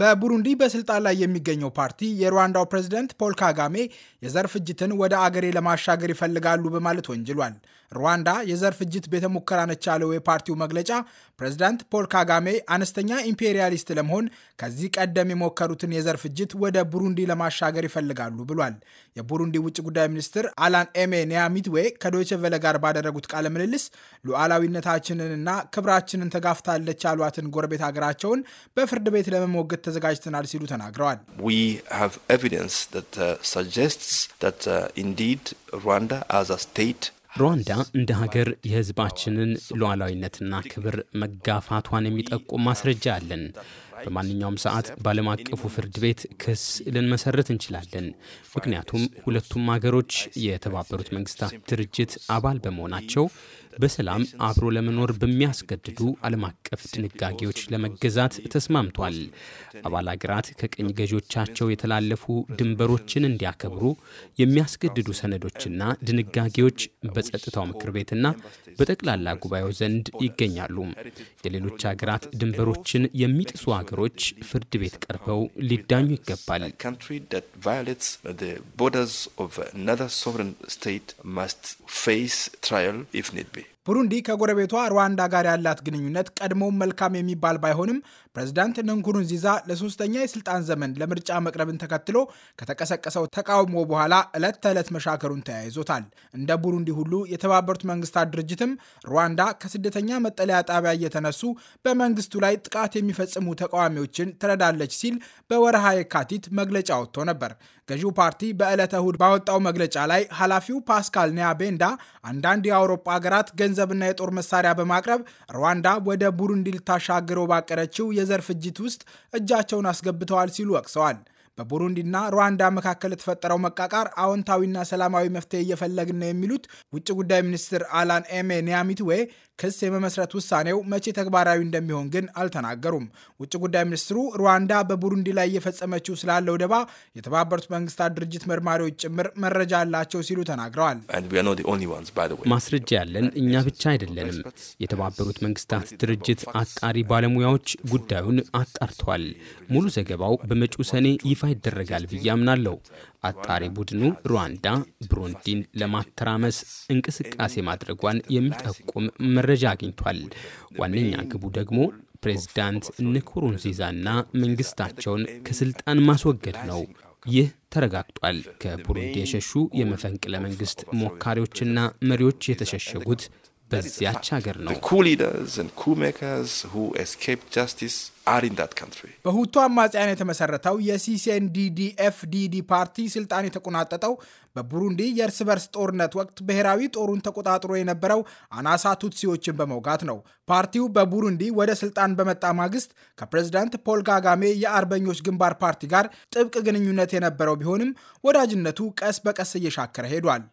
በቡሩንዲ በስልጣን ላይ የሚገኘው ፓርቲ የሩዋንዳው ፕሬዝደንት ፖል ካጋሜ የዘር ፍጅትን ወደ አገሬ ለማሻገር ይፈልጋሉ በማለት ወንጅሏል። ሩዋንዳ የዘር ፍጅት ቤተ ሙከራ ነች ያለው የፓርቲው መግለጫ ፕሬዝዳንት ፖል ካጋሜ አነስተኛ ኢምፔሪያሊስት ለመሆን ከዚህ ቀደም የሞከሩትን የዘር ፍጅት ወደ ቡሩንዲ ለማሻገር ይፈልጋሉ ብሏል። የቡሩንዲ ውጭ ጉዳይ ሚኒስትር አላን ኤሜ ኒያሚትዌ ከዶይቼ ቬለ ጋር ባደረጉት ቃለ ምልልስ ሉዓላዊነታችንንና ክብራችንን ተጋፍታለች ያሏትን ጎረቤት ሀገራቸውን በፍርድ ቤት ለመሞገት ተዘጋጅተናል ሲሉ ተናግረዋል። uh, uh, ሩዋንዳ እንደ ሀገር የሕዝባችንን ሉዓላዊነትና ክብር መጋፋቷን የሚጠቁም ማስረጃ አለን። በማንኛውም ሰዓት በዓለም አቀፉ ፍርድ ቤት ክስ ልንመሰረት እንችላለን። ምክንያቱም ሁለቱም ሀገሮች የተባበሩት መንግስታት ድርጅት አባል በመሆናቸው በሰላም አብሮ ለመኖር በሚያስገድዱ ዓለም አቀፍ ድንጋጌዎች ለመገዛት ተስማምቷል። አባል ሀገራት ከቅኝ ገዢዎቻቸው የተላለፉ ድንበሮችን እንዲያከብሩ የሚያስገድዱ ሰነዶችና ድንጋጌዎች በጸጥታው ምክር ቤትና በጠቅላላ ጉባኤው ዘንድ ይገኛሉ። የሌሎች ሀገራት ድንበሮችን የሚጥሱ አገሮች ሀገሮች ፍርድ ቤት ቀርበው ሊዳኙ ይገባል። ሶቨረን ስቴት ማስት ፌስ ትራያል ኢፍ ኒድ ቢ ቡሩንዲ ከጎረቤቷ ሩዋንዳ ጋር ያላት ግንኙነት ቀድሞውን መልካም የሚባል ባይሆንም ፕሬዚዳንት ንንኩሩንዚዛ ለሶስተኛ የስልጣን ዘመን ለምርጫ መቅረብን ተከትሎ ከተቀሰቀሰው ተቃውሞ በኋላ ዕለት ተዕለት መሻከሩን ተያይዞታል። እንደ ቡሩንዲ ሁሉ የተባበሩት መንግስታት ድርጅትም ሩዋንዳ ከስደተኛ መጠለያ ጣቢያ እየተነሱ በመንግስቱ ላይ ጥቃት የሚፈጽሙ ተቃዋሚዎችን ትረዳለች ሲል በወረሃ የካቲት መግለጫ ወጥቶ ነበር። ገዢው ፓርቲ በዕለተ እሁድ ባወጣው መግለጫ ላይ ኃላፊው ፓስካል ኒያቤንዳ አንዳንድ የአውሮፓ ሀገራት ገንዘብ ገንዘብና የጦር መሳሪያ በማቅረብ ሩዋንዳ ወደ ቡሩንዲ ልታሻግረው ባቀረችው የዘር ፍጅት ውስጥ እጃቸውን አስገብተዋል ሲሉ ወቅሰዋል። በቡሩንዲና ሩዋንዳ መካከል የተፈጠረው መቃቃር አዎንታዊና ሰላማዊ መፍትሄ እየፈለግን ነው የሚሉት ውጭ ጉዳይ ሚኒስትር አላን ኤሜ ኒያሚትዌ ክስ የመመስረት ውሳኔው መቼ ተግባራዊ እንደሚሆን ግን አልተናገሩም። ውጭ ጉዳይ ሚኒስትሩ ሩዋንዳ በቡሩንዲ ላይ እየፈጸመችው ስላለው ደባ የተባበሩት መንግስታት ድርጅት መርማሪዎች ጭምር መረጃ አላቸው ሲሉ ተናግረዋል። ማስረጃ ያለን እኛ ብቻ አይደለንም። የተባበሩት መንግስታት ድርጅት አጣሪ ባለሙያዎች ጉዳዩን አጣርተዋል። ሙሉ ዘገባው በመጪው ሰኔ ይፋ ይደረጋል ብዬ አምናለሁ። አጣሪ ቡድኑ ሩዋንዳ ብሩንዲን ለማተራመስ እንቅስቃሴ ማድረጓን የሚጠቁም መረጃ አግኝቷል። ዋነኛ ግቡ ደግሞ ፕሬዝዳንት ንኩሩንዚዛና መንግስታቸውን ከስልጣን ማስወገድ ነው። ይህ ተረጋግጧል። ከቡሩንዲ የሸሹ የመፈንቅለ መንግስት ሞካሪዎችና መሪዎች የተሸሸጉት በዚያች ሀገር ነው። በሁቱ አማጽያን የተመሰረተው የሲሴንዲዲኤፍ ፓርቲ ስልጣን የተቆናጠጠው በቡሩንዲ የእርስ በርስ ጦርነት ወቅት ብሔራዊ ጦሩን ተቆጣጥሮ የነበረው አናሳ ቱትሲዎችን በመውጋት ነው። ፓርቲው በቡሩንዲ ወደ ስልጣን በመጣ ማግስት ከፕሬዚዳንት ፖል ጋጋሜ የአርበኞች ግንባር ፓርቲ ጋር ጥብቅ ግንኙነት የነበረው ቢሆንም ወዳጅነቱ ቀስ በቀስ እየሻከረ ሄዷል።